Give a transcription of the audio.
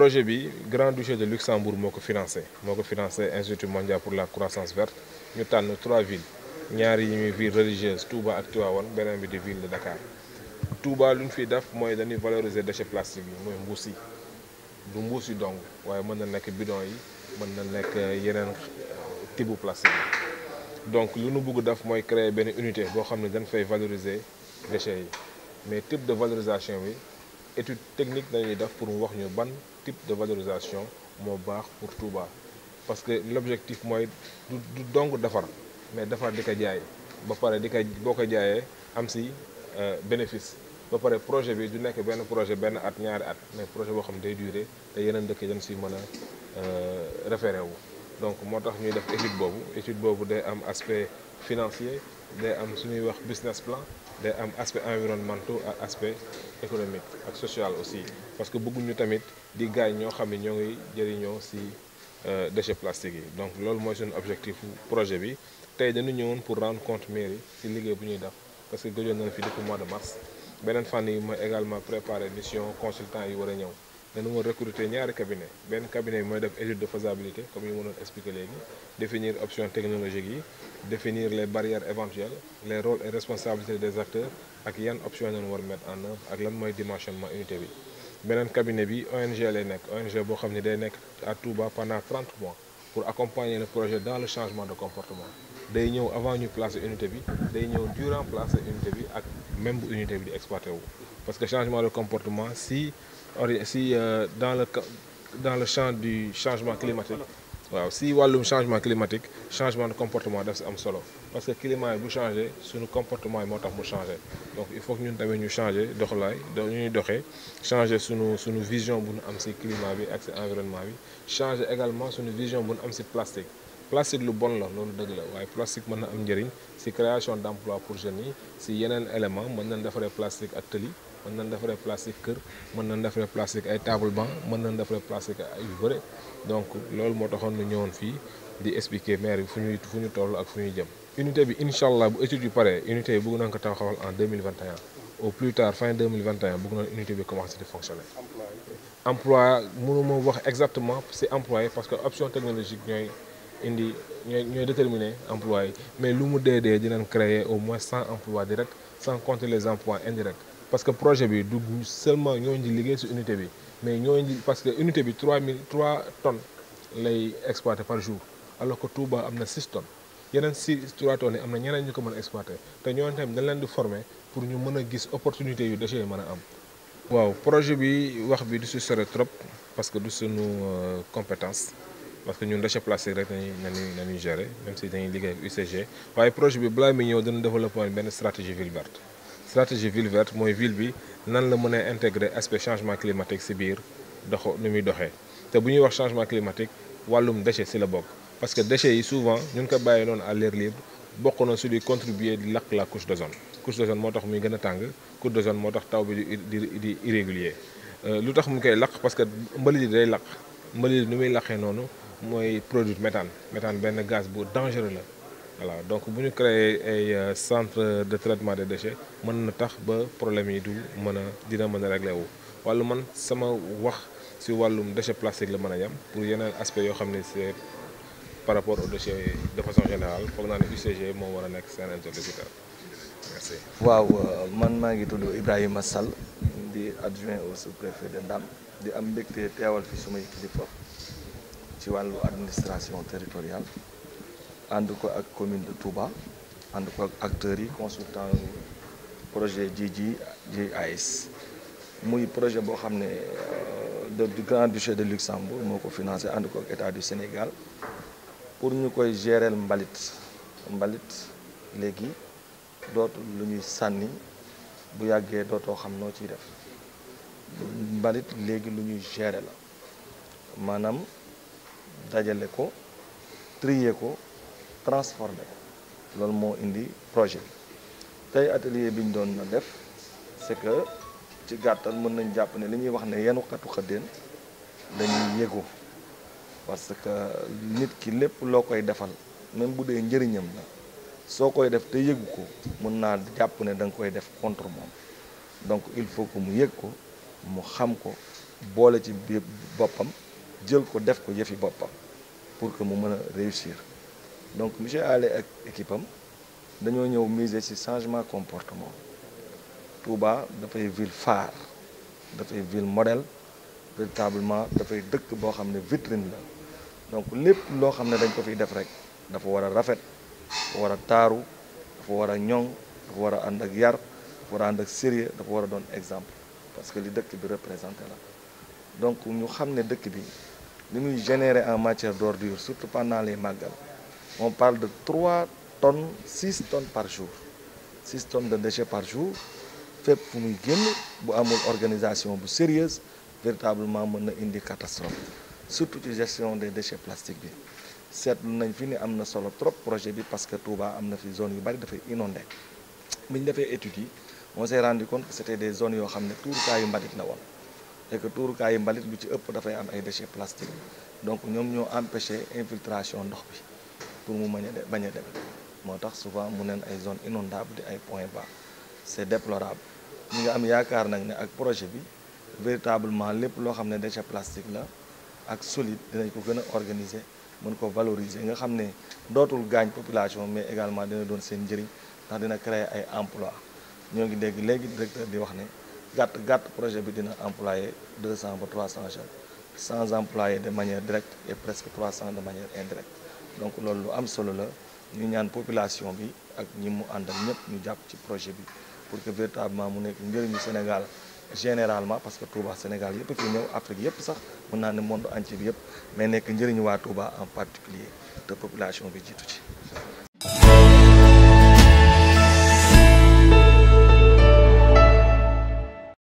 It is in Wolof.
projet bi Grand Duché de Luxembourg moo ko financé moo ko financé institut mondial pour la croissance verte ñu tànn trois villes ñaari yi muy ville religieuse Touba ak Tivaouane beneen bi di ville de Dakar Touba lu ñu fiy def mooy dañuy valoriser déchets plastiques yi mooy mbuus yi du mbuus yi dong waaye mën na nekk bidon yi mën na nekk yeneen tibu plastique yi donc lu nu bugg def mooy créer benn unité boo xam ne dañ fay valoriser déchets yi mais type de valorisation bi étude technique nañuy def pour mu wax ñu ban type de valorisation moo baax pour Touba parce que l'objectif mooy du du dong defar mais defar di ko jaay ba pare di ko boo ko jaayee am si euh, bénéfice ba pare projet bi du nekk benn projet benn at ñaari at mais projet boo xam ne day durer te yeneen dëkk dañ si mën a euh, référé wu. donc moo tax ñuy def étude boobu étude boobu day am aspect financier day am suñuy wax business plan. day am aspect environnemental ak aspect économique ak social aussi parce que bëgguñu tamit di gaañ ñoo xam ne ñoo ngi jëriñoo si euh, déchets plastiques yi donc loolu mooy suñu objectif projet bi tey dañu ñëwoon pour rendre compte mairie si liggéey bu ñuy def parce que gëjoon nañu fi depuis mois de mars beneen fànn yi mooy également préparer mission consultant yi war a ñëw dañu moo recruter ñaari cabinet benn cabinet bi mooy def étude de faisabilité comme yi ma doon expliqué léegi définir option technologique yi définir les barrières éventuelles les rôles et responsabilités des acteurs ak yan option lañu war mettre en œuvre ak lan mooy dimensionnement unité bi beneen cabinet bi ONG lay nekk ONG boo xam ne day nekk a Touba pendant 30 mois pour accompagner le projet dans le changement de comportement day ñëw avan ñu placer unité bi day ñëw durant placer unité bi ak même bu unité exploité wu parce que changement de comportement si si euh, dans le le champ du changement climatique waaw si wàllum changement climatique changement de comportement daf si am solo parce que climat yi bu changé suñu comportement yi moo tax mu changé donc il faut que ñun tamit ñu changé doxalaay do ñuy doxee changé suñu suñu vision bu nu am si climat bi ak si environnement bi changé également suñu vision bu nu am si plastique plastique lu bon la loolu dëgg la waaye plastique mën na am njëriñ ci création d'emploi pour jeunes yi ci yeneen élément mën nañ defaree plastique ak tëli mën na defaree plastique kër mën nañ defaree plastique ay table banc mën na defaree plastique ay yu bëre donc loolu moo taxoon ñu ñëwoon fii di expliquer maire bi fu ñuy fu ñu toll ak fu ñuy jëm unité bi incha allah bu étude yu paree unité yi bëgg nañ ko taxawal en 2021 au plus tard fin 2021 bëgg nañ unité bi commencé di fonctionner emploi parce que option technologique ñooy indi ñooy ñooy déterminer emploi yi mais lu mu dee dee dinañ créer au moins cent emplois directs sans compter les emplois indirects parce que projet bi du seulement ñoo di liggéey ci unité bi mais ñoo parce que unité bi trois mille trois tonnes lay exploité par jour alors que Touba am na six tonnes yeneen six trois tonnes yi am na ñeneen ñu ko mën a exploité te ñooñu tamit dañ leen di former pour ñu mën a gis opportunité yu déchets yi mën a am. waaw projet bi wax bi du si sore trop parce que du sunu euh, compétence. parce que ñun déchet plastique rek nañuy nañuy nañuy gérer même si dañuy liggéey ak UCG waaye projet bi balaa muy ñëw dana développé benn stratégie ville verte stratégie ville verte mooy ville bi nan la mën a intégrer aspect changement climatique ci biir doxo nu muy doxee te bu ñuy wax changement climatique wàllum déchet si la bokk parce que déchets yi souvent ñu ngi ko bàyyi noonu à l'air libre bokk na su di contribuer di lakk la couche d'ozone couche d'ozone moo tax muy gën a tàng couche d'ozone moo tax taw bi di di irrégulier euh, lu tax mu koy lakk parce que mbalit yi day lakk mbalit yi nu muy lakkee noonu mooy produit méthane méthane benn gaz bu dangereux la voilà donc bu ñu créer ay euh, centre de traitement de déchets mën na tax ba problème yi du mën a dina mën a réglé wu wàllu man sama wax si wàllum déchet plastique la mën a yem pour yeneen aspect yoo xam ne c'est par rapport aux déchets de façon général foog naa ne UCG moo war a nekk seen interlocuteur merci. waaw euh, man maa ngi tudd Ibrahima Sall di adjoint au sous-préfet de Ndam di am mbégte teewal fi sumay kilifa ci wàllu administration territoriale ànd ko ak commune de Touba ànd ko ak acteurs yi consultant projet ji ji ays muy projet boo xam ne euh, du Grand Duché de Luxembourg moo ko financé ànd ko ak état du Sénégal pour ñu koy gérer mbalit mbalit léegi dootu lu ñuy sànni bu yàggee dootoo xam noo ciy def mbalit léegi lu ñuy gérer la maanaam dajale ko trier ko transformer ko loolu moo indi projet bi tey atelier bi ñu doon na def ce que ci gàttal mën nañ jàpp ne li ñuy wax ne yenu xatu xëddeen dañuy yëgu parce que nit ki lépp loo koy defal même bu dee njëriñam la soo koy def te yëgu ko mën naa jàpp ne da nga koy def contre moom donc il faut que mu yëg ko mu xam ko boole ci biir boppam jël ko def ko yëfi boppam pour que mu mën a réussir donc monsieur Allé ak équipe dañoo ñëw miser ci changement comportement Touba dafay ville phare dafay ville modèle véritablement dafay dëkk boo xam ne vitrine la donc lépp loo xam ne dañ ko fiy def rek dafa war a rafet dafa war a taaru dafa war a ñoŋ dafa war a ànd ak yar dafa war ànd ak sérieux dafa war a doon exemple parce que li dëkk bi représenté la donc ñu xam ne dëkk bi li muy générer en matière d'ordure surtout pendant les màggal on parle de trois tonnes six tonnes par jour six tonnes de déchets par jour fépp fu muy génn bu amul organisation bu sérieuse véritablement mën na indi catastrophe surtout ci gestion des déchets plastiques bi seetlu nañ fi ni am na solo trop projet bi parce que Touba am na fi zone yu bari dafay inondé bi ñu defee études yi on s'est rendu compte que c'était des zones yoo xam ne tuurukaayu mbalit la et que tuurukaayu mbalit lu ci ëpp dafay am ay déchets plastiques donc ñoom ñoo empêché infiltration ndox bi pour mu bañ a de bañ a dem moo tax souvent mu neen ay zones inondables di ay points ba c'est déplorable mu nga am yaakaar nag ne ak projet bi véritablement lépp loo xam ne déchet plastique la ak solide dinañ ko gën a organiser mën ko valoriser nga xam ne dootul gaañ population mais également dina doon seen njëriñ ndax dina créer ay emplois ñoo ngi dégg léegi directeur di wax ne gàtt gàtt projet bi dina employé deux cent ba trois cent jeunes cent de manière directe et presque trois cent de manière indirecte donc loolu lu am solo la ñu ñaan population bi ak ñi mu àndal ñëpp ñu jàpp ci projet bi pour que véritablement mu nekk njëriñu Sénégal généralement parce que Touba Sénégal yëpp fi ñëw Afrique yëpp sax mën naa ne monde entier bi yëpp mais nekk njëriñu waa Touba en particulier te population bi jiitu ci